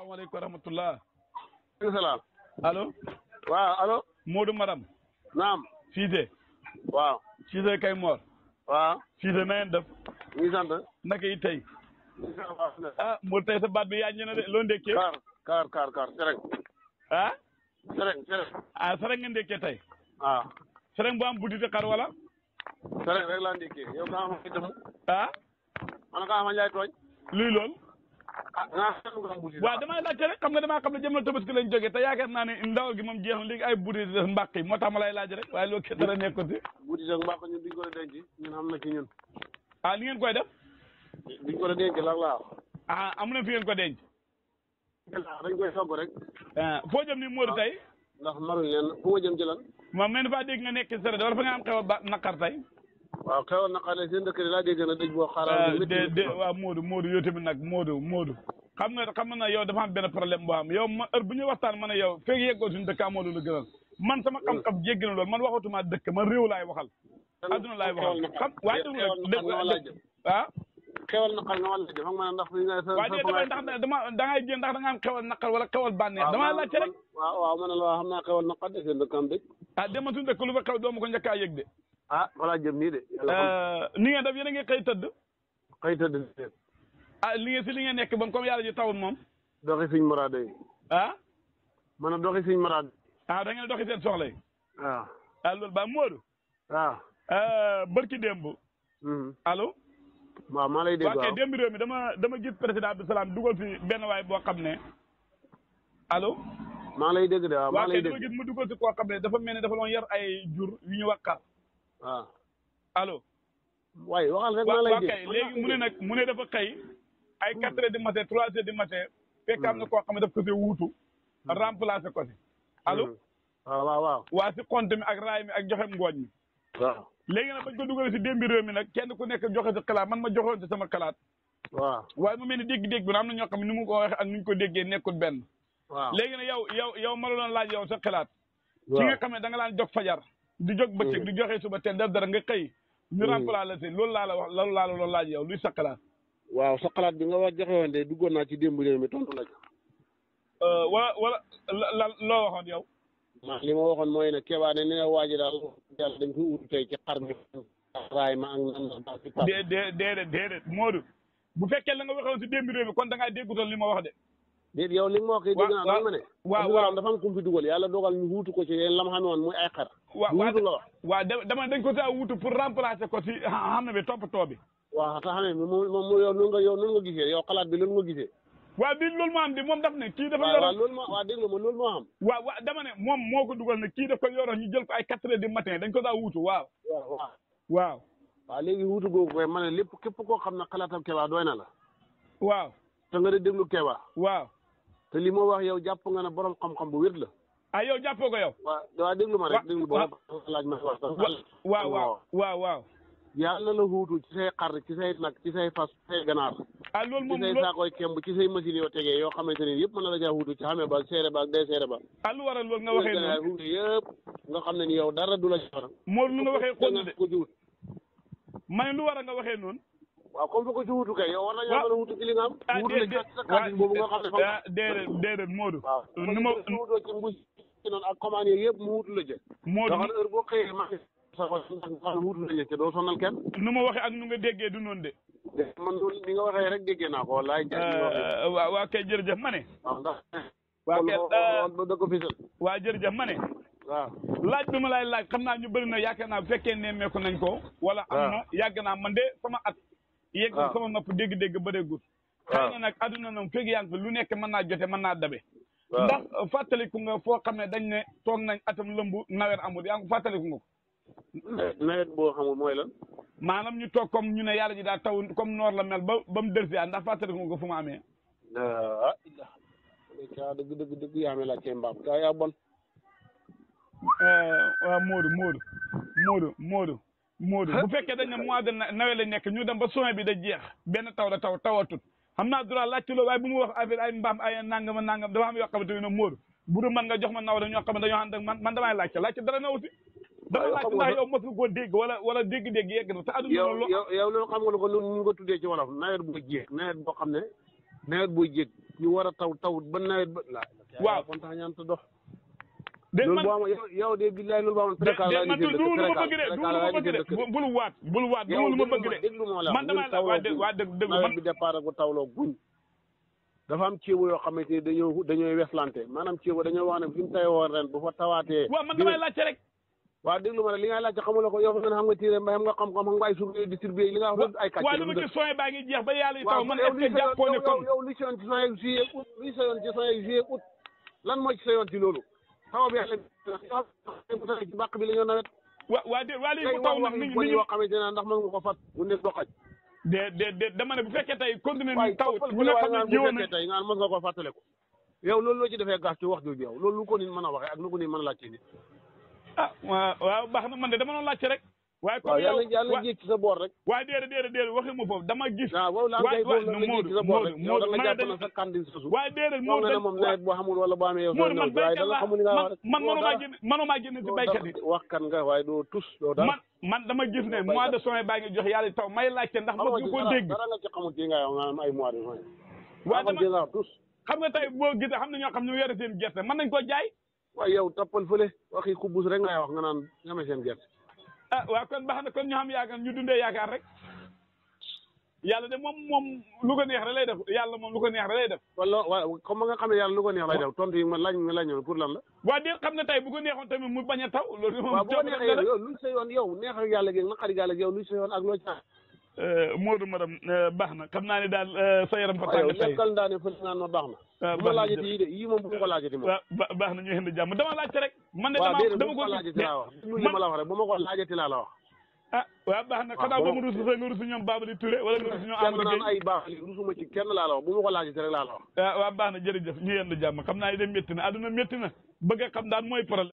salaamaaleykum wa rahmatullah. waaleykum salaam. allo. waaw allo. Modou Maram. naam. Cissé. waaw. Cissé Kay Mor. waaw. Cissé na ngeen def. ñu ngi sant. naka yi tey. ah Modou tey sa baat bi yaa ñu ne de loo ndekkee. kaar kaar kaar kaar sereng. ah. sereng sereng. ah sereng nga ndekkee tey. waaw. Ah. sereng bu am buddite xar wala. sereng rek laa ndekkee yow kaa ma itam. ah. man kaa ma njaay tooñ. luy lool. waaw damay laajte rek xam nga damaa xam ne jëm na tabaski lañ jógee te yaakaar naa ne ndaw gi moom jeex na léegi ay buddi di def mbàq yi moo tax ma lay laaj rek waaye loolu kenn dara nekkul si buddi ak mbàq ñun duñ ko la denc ñun am na ci ah, ngeen koy def duñ ko la denc lan laa ah am fi ngeen ko denc dañ koy rek ah jëm ni Modou tey ndax maruñ leen fu jëm ci lan ma mel ni faa dégg nga nekk sere dafa nga am xew a naqar tey waaw xewal na xale seen dëkk yi laa dégg na dëj boo xaaral ah, de waaw Modou Modou yow tamit nag Modou Modou xam nga na yow dafa am benn problème boo am yow ma heure bu ñu ma ne yow feeg yeggoo suñu dëkkaa Modou la gënal man sama xam-xam jéggi na loolu man waxatuma dëkk man réew laay waxal adduna laay waxal xam waaye dégg ah xewal naqal nga wala jëf ma ndax bi nga waaye damay ndax da da nga am xewal naqal wala xewal bànneex dama laajte rek la xam naa xewal naqal de seen dëkk am dëkk ah dama suñu dëkk lu fa xew doomu ko njëkkaa yëg de ah wala jëm nii de. ni ngeen def yéen a ngi xëy tëdd. xëy ah li ngeen si li ngeen nekk ba comme yàlla ji tawul moom. doxi suñ maraade ah. ma ne doxi suñ maraade. ah da ngeen doxi seen soxla yi. ah loolu ba Modou. waaw. barki démb. allo. waaw maa lay dégg waaw waaw démb réew mi dama dama gis président Abdou Salam dugal fi benn waay boo xam ne allo. maa lay dégg lay dégg dama gis mu dugal fi koo xam dafa dafa yar ay jur yu ñu waaw ah. waaye waxal rek maa lay léegi mu ne nag mu ne dafa xëy. ay hmm. quatre heures du matin trois heures du matin. fekk am na hmm. koo xam ne daf ko see wuutu. Hmm. remplacer ko si. allo waaw ah, waaw waaw. waa si compte mi ak raay mi ak joxe ngooñ mi. léegi nag bañ ko dugalee si réew mi nag kenn ku nekk joxe sa man ma joxoon sama xalaat. waaw waaye mu mel ni dégg-dégg bi am na ñoo xam ni mu ko waxee ak ni ñu ko déggee nekkul benn. waaw léegi nag yow yow yow ma la doon laaj yow sa xalaat. ci nga xam ne da nga daan fajar. di jóg bëccëg mm. di joxe suba te def dara nga xëy. ñu mm. remplacé loolu laa la wax loolu laa la doon laaj yow luy sa xalaat. waaw sa xalaat bi nga wax joxe woon de duggoon naa ci démb réew mi tontu la ci. Euh, wala wala la loo waxoon yow. maa li ma waxoon mooy ne kebaane ni nga waaj daal yàlla dañ ko ut tey ci xar mi raay ma ak nan la. dé dé déedéet déedéet Modou. bu fekkee la nga waxoon si démb réew mi kon da ngaa déggutoon li ma wax de. déet yow li nga ma wax kay dégg naa ma ne. waaw waaw dafa am kum fi dugal yàlla dogal ñu wuutu ko ci yéen la ma xamee woon muy ay xar. waaw waaw dama dañ ko taa wutu pour remplacer ko si xam ne bi toppatoo bi waaw tax ne moom moom yow nun nga yow nun nga gisee bi loolu nga gisee waaw di loolu moo am di moom daf ne kii dafa yoroon loolu moo waaw déglu ma loolu moo am waaw waaw moom moo ko dugal ne kii daf yoro yoroon ñu jël ko ay quatre heures du matin dañ ko taa wutu waaw waaw waaw waaw léegi wutu googu koy ma ne lépp képp koo xam ne xalaatam Keba doy na la waaw te de di déglu Keba waaw te li moo wax yow jàpp nga ne borom xam bu wér la ah yow jàppoo ko yow. waaw déglu ma rek déglu ma laaj ma wax waaw waaw waaw waaw. yàlla la huutu ci say xar ci say nag ci say fas ci say ganaar. ah loolu moom ci say saakoy kemb ci say machine yoo tegee yoo xamante ne yëpp mën na la caa huutu ci xamee ba seere ba ak day seere ba. ah lu waral loolu nga waxee noonu yëpp nga xam ne ni yow dara du la ci war. moo lu nga waxee xool na de ma ne lu waral nga waxee noonu. waaw comme fa ko ci wutu kay yow war nañoo mën a wutu ci li nga am. ah déedéet waaw ah, déedéet déedéet Modou. waaw ni ma ci ak commande yooyu yëpp mu wut la jë moo tax ma doo sonal kenn nu ma waxee ak nu nga déggee du noonu de man li nga waxee rek déggee naa ko wallaay waaw euh, waa ma ne waa kay ba euh, laaj bi ma lay laaj xam naa ñu bëri na yaakaar naa bu fekkee nemmeeku nañ ko wala am na yàgg naa man de sama at yegg sama nopp dégg-dégg bëreegut xëy na nag adduna noom feegi yàgg lu nekk mën naa jote man naa dabe ndax fàttaliku nga foo xam ne dañ ne toog nañ atam lëmb nawet amul yaa ngi ko fàttaliku nga ko. nawet boo xamul mooy lan. maanaam ñu toog comme ñu ne yàlla ji daal taw comme noor la mel ba ba mu dërsiwaat ndax fàttaliku nga ko fu mu amee. ah dëgg dëgg dëgg yaa amee laaj cee mbaam daa yaa bon. Eh, waaw Modou bu fekkee dañ ne mois de nawet lañ nekk ñu dem ba soin bi da jeex benn taw da taw tawatut. xam naa droit laajte loolu waaye bu mu wax affaire ay mbaam ay nangama nangam dafa am yoo xamante ne Modou bu du man nga jox ma naw dañoo xam ne dañoo ànd ak man man damay laajte laajte dara naw si dama laajte ndax yow mos nga koo dégg wala wala dégg-dégg yegg na te aduna loolu yow loolu xam nga ko lu ñu ko tuddee ci wolof nawet bu jéeg nawet boo xam ne nawet bu jéeg ñu war a taw tawut ba nawet ba waaw kontaan ñaan te do loolu boo ma yow de billaay loolu boo ma précaire laa bëgg de de bul waat bul waat lu ma bëgg man dama la waa dégg waa dégg dégg man bi départ ko tawloo guñ dafa am ceebo yoo xamante ne dañoo dañooy weslante wax ne fi mu ren bu fa tawaatee waaw man damay laajte waa waaw déglu ma li ngay laajte xamuloo ko yow fa nga xam nga tiire mbay xam nga xam-xam nga ay suuf distribué li nga wax ay ma ci soin baa ngi sa yoon ci soin juillet lan moo ci sa yoon ci loolu taw bi yàlla ci bàq bi la ñu nawet. wa waa de waa léegi bu taw nag nit ñi xamante ne ndax mën nga ko fat mu nekk doxaj. de de de dama ne bu fekkee tey continué nañ taw tey nga mën nga ko fàttaliku yow loolu loo ci defee gas ci wax jooju yow loolu lu ko nit mën a waxee ak nu ko nit man a laajte nit ah waaw baax na man de dama doon laajte rek waaye comme yow yàlla sa boor rek waaye déedéet déedéet déedéet foofu dama gis waaw waaw la jiit ci sa boor rek yow waaye déedéet moom ne boo xamul wala boo amee yow man béykat laa man manumaa génn manumaa génn si béykat yi wax kan nga waaye doo tus man dama gis ne mois de juin baa ngi jox yàlla taw may laajte ndax ma du ko dégg dara nga waaye dama tus xam nga tey boo gisee xam ne ñoo xam ñu yore seen gerte mën nañ ko jaay waaye yow toppal fële waxi xubus rek ngay wax nga naan nga amee seen gerte ah waa kon baax na kon ñu xam yaakaar ñu dundee yaakaar rek yàlla de moom moom lu ko neex rek lay def yàlla moom lu ko neex rek lay def. wala waaw comme nga xam ne lu ko neex lay def tontu yi man laaj nga laaj pour lan la. waa de xam ne tey bu ko neexoon tamit mu bañ a taw. loolu moom bu ko neexee yow lu sa yoon yàlla gi naqari yàlla gi yow lu sa yoon ak loo caa. Euh, Modou Maram euh, baax na xam naa ne daal euh, sa yaram fa ah, tàng tey yow naa ne fële naan ma baax na. Ah, bu ma laajati yii de yii moom bu ma ko laajati moom. waaw ah, baax na ñu xëy na jàmm dama laajte rek. man de dama dama ko laajati laa wax. ma la wax rek bu ma ko laajati laa la wax. ah waaw baax na xanaa ba mu rusu sa nga rusu ñoom Babali Touré wala nga rusu ñoom Amadou Gueye ay baax rusuma ci kenn laa la wax bu ma ko laajati rek laa la wax. waaw baax na jërëjëf ñu yendu jàmm xam naa ne de métti na àdduna métti na bëgg a xam daan mooy problème